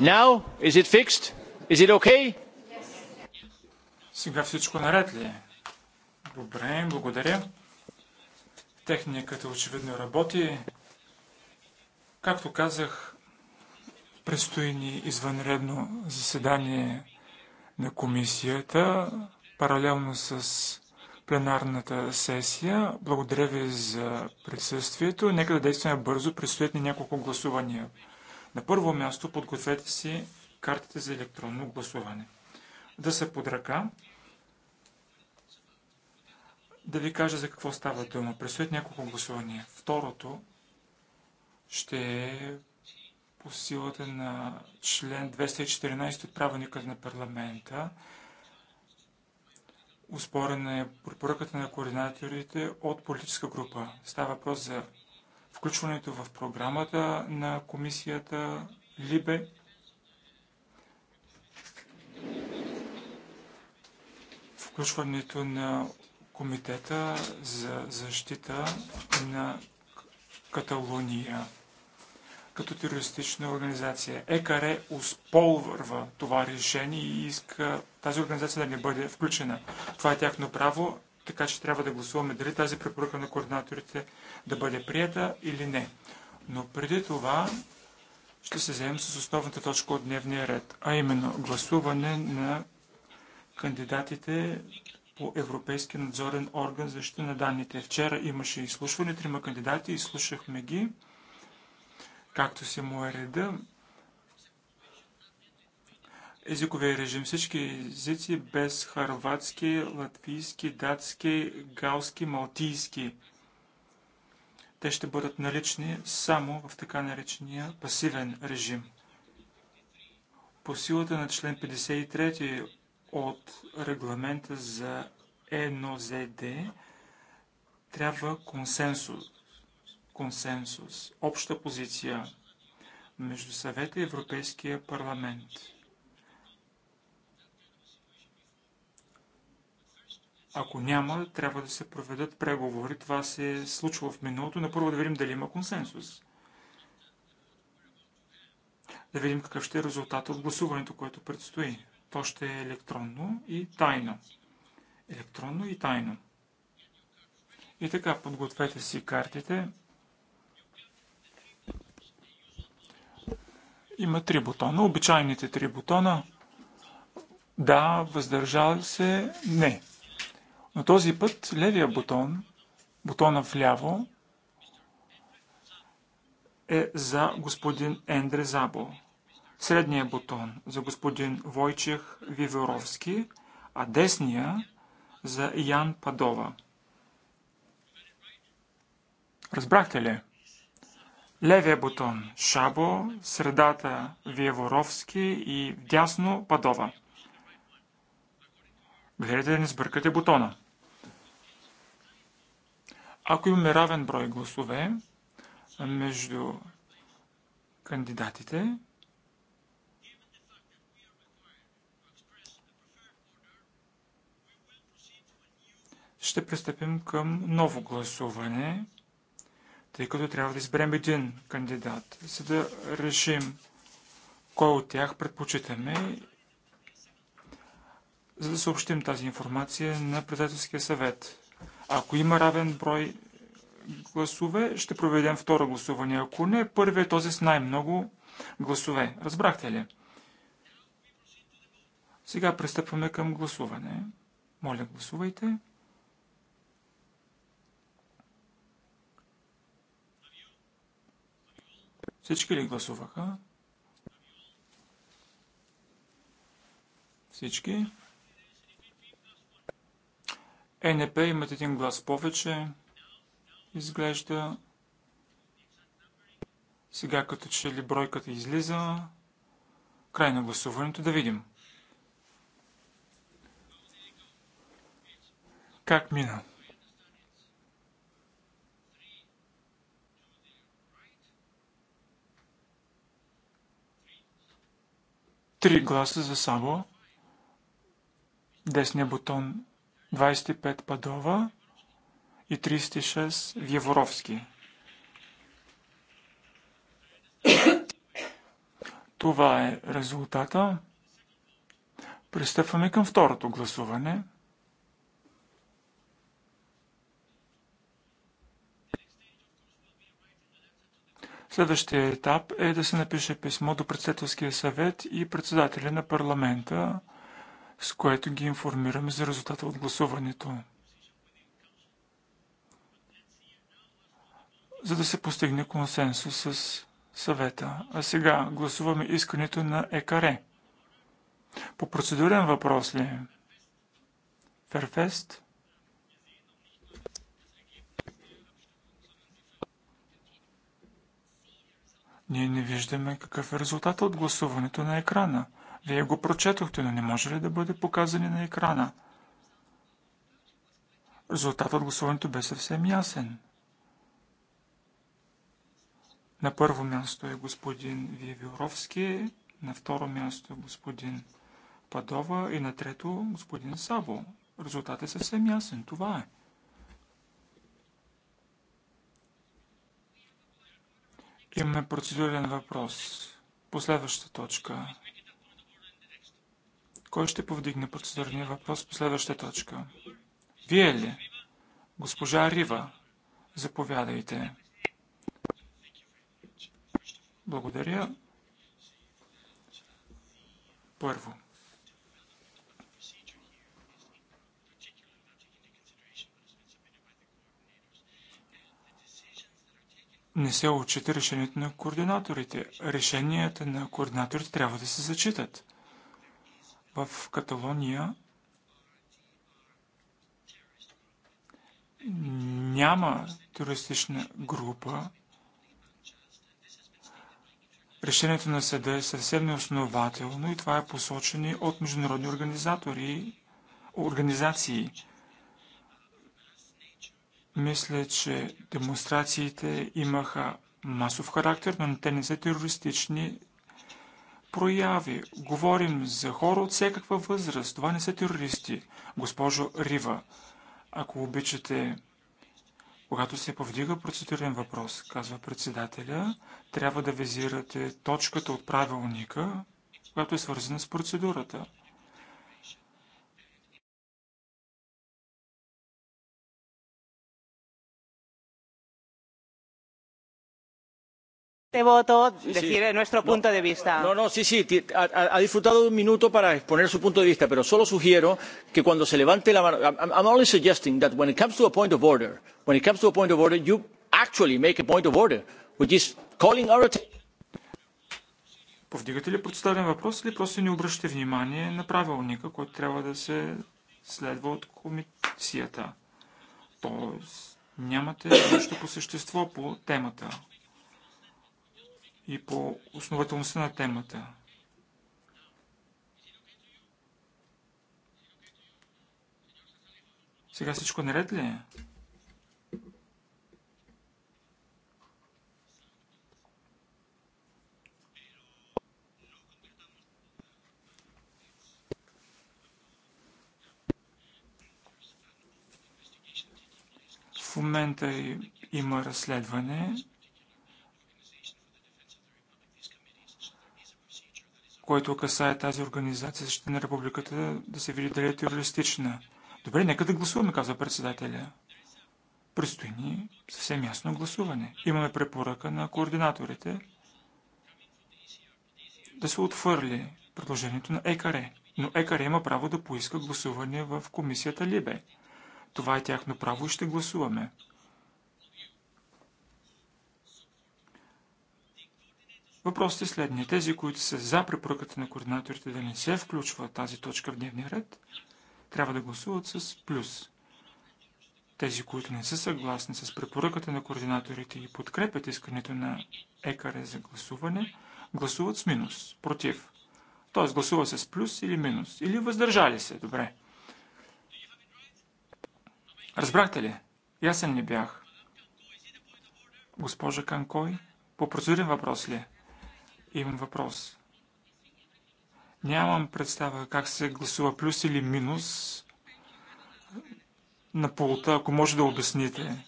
Now, is it fixed? Is it okay? Сега всичко наред ли е? Добре, благодаря. Техниката очевидно работи. Както казах, предстои ни извънредно заседание на комисията, паралелно с пленарната сесия. Благодаря ви за присъствието. Нека да действаме бързо. Предстоят ни няколко гласувания. На първо място подгответе си картите за електронно гласуване. Да са под ръка. Да ви кажа за какво става дума. Предстоят няколко гласувания. Второто ще е по силата на член 214 от правилника на парламента. Успорена е препоръката на координаторите от политическа група. Става въпрос за включването в програмата на комисията Либе. Включването на Комитета за защита на Каталуния като терористична организация. ЕКАРЕ усполвърва това решение и иска тази организация да не бъде включена. Това е тяхно право. Така че трябва да гласуваме дали тази препоръка на координаторите да бъде прията или не. Но преди това ще се вземем с основната точка от дневния ред, а именно гласуване на кандидатите по Европейски надзорен орган за защита на данните. Вчера имаше изслушване, трима кандидати, изслушахме ги, както си му е реда езиковия режим. Всички езици без харватски, латвийски, датски, галски, малтийски. Те ще бъдат налични само в така наречения пасивен режим. По силата на член 53 от регламента за ЕНОЗД трябва консенсус, консенсус, обща позиция между съвета и Европейския парламент Ако няма, трябва да се проведат преговори. Това се случва в миналото. Напърво да видим дали има консенсус. Да видим какъв ще е резултат от гласуването, което предстои. То ще е електронно и тайно. Електронно и тайно. И така, подгответе си картите. Има три бутона, обичайните три бутона. Да, въздържал се, не. Но този път левия бутон, бутона вляво, е за господин Ендре Забо. Средният бутон за господин Войчех Виверовски, а десния за Ян Падова. Разбрахте ли? Левия бутон Шабо, средата Виеворовски и дясно Падова. Гледайте да не сбъркате бутона. Ако имаме равен брой гласове между кандидатите, ще пристъпим към ново гласуване, тъй като трябва да изберем един кандидат, за да решим кой от тях предпочитаме, за да съобщим тази информация на председателския съвет. Ако има равен брой гласове, ще проведем второ гласуване. Ако не, първият е този с най-много гласове. Разбрахте ли? Сега пристъпваме към гласуване. Моля, гласувайте. Всички ли гласуваха? Всички. ЕНП имат един глас повече. Изглежда. Сега като че ли бройката излиза. Край на гласуването да видим. Как мина? Три гласа за само. Десния бутон 25 Падова и 36 Вьеворовски. Това е резултата. Пристъпваме към второто гласуване. Следващия етап е да се напише писмо до председателския съвет и председателя на парламента с което ги информираме за резултата от гласуването. За да се постигне консенсус с съвета. А сега гласуваме искането на ЕКАРЕ. По процедурен въпрос ли? Ферфест? Ние не виждаме какъв е резултат от гласуването на екрана. Вие го прочетохте, но не може ли да бъде показани на екрана? Резултатът от гласуването бе съвсем ясен. На първо място е господин Вивировски, на второ място е господин Падова и на трето господин Сабо. Резултатът е съвсем ясен. Това е. Имаме процедурен въпрос. Последваща точка. Кой ще повдигне процедурния въпрос по следващата точка? Вие ли? Госпожа Рива, заповядайте. Благодаря. Първо. Не се отчита решението на координаторите. Решенията на координаторите трябва да се зачитат в Каталония няма терористична група. Решението на съда е съвсем неоснователно и това е посочено от международни организатори, организации. Мисля, че демонстрациите имаха масов характер, но те не са терористични прояви. Говорим за хора от всякаква възраст. Това не са терористи. Госпожо Рива, ако обичате, когато се повдига процедурен въпрос, казва председателя, трябва да визирате точката от правилника, която е свързана с процедурата. este voto decir nuestro punto de vista. No, no, sí, sí, ha, disfrutado de un minuto para exponer su punto de vista, pero solo sugiero que cuando se levante la mano, I'm only suggesting that when it comes to a point of order, when it comes to a point of order, you actually make a point of order, which is calling our attention. Повдигате ли подставен въпрос или просто не обръщате внимание на правилника, който трябва да се следва от комисията? Тоест, нямате нищо по същество по темата и по основателността на темата. Сега всичко наред ли е? В момента има разследване който касае тази организация защита на републиката, да се види дали е терористична. Добре, нека да гласуваме, казва председателя. Предстои ни съвсем ясно гласуване. Имаме препоръка на координаторите да се отвърли предложението на ЕКАРЕ. Но ЕКАРЕ има право да поиска гласуване в комисията Либе. Това е тяхно право и ще гласуваме. Въпросът е следния. Тези, които са за препоръката на координаторите да не се включва тази точка в дневния ред, трябва да гласуват с плюс. Тези, които не са съгласни с препоръката на координаторите и подкрепят искането на ЕКАРЕ за гласуване, гласуват с минус, против. Т.е. гласува с плюс или минус. Или въздържали се, добре. Разбрахте ли? Ясен не бях. Госпожа Канкой, по процедурен въпрос ли е? имам въпрос. Нямам представа как се гласува плюс или минус на полута, ако може да обясните.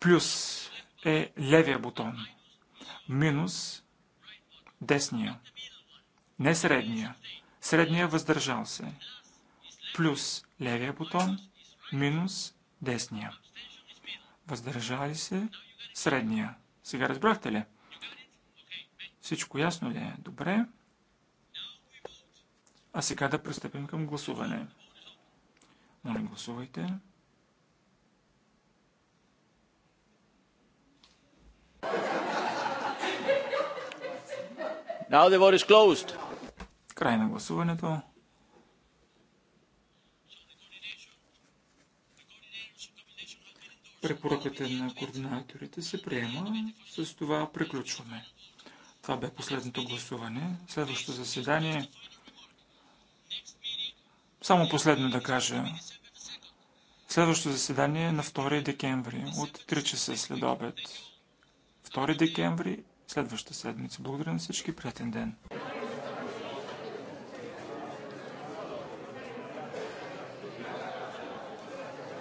Плюс е левия бутон, минус десния, не средния. Средния въздържал се. Плюс левия бутон, минус десния. Въздържали се средния. Сега разбрахте ли? Всичко ясно ли е? Добре. А сега да пристъпим към гласуване. Моля, гласувайте. Now the vote is closed. Край на гласуването. Препоръката на координаторите се приема. С това приключваме. Това бе последното гласуване. Следващото заседание. Само последно да кажа. Следващото заседание е на 2 декември от 3 часа след обед. 2 декември, следващата седмица. Благодаря на всички. Приятен ден!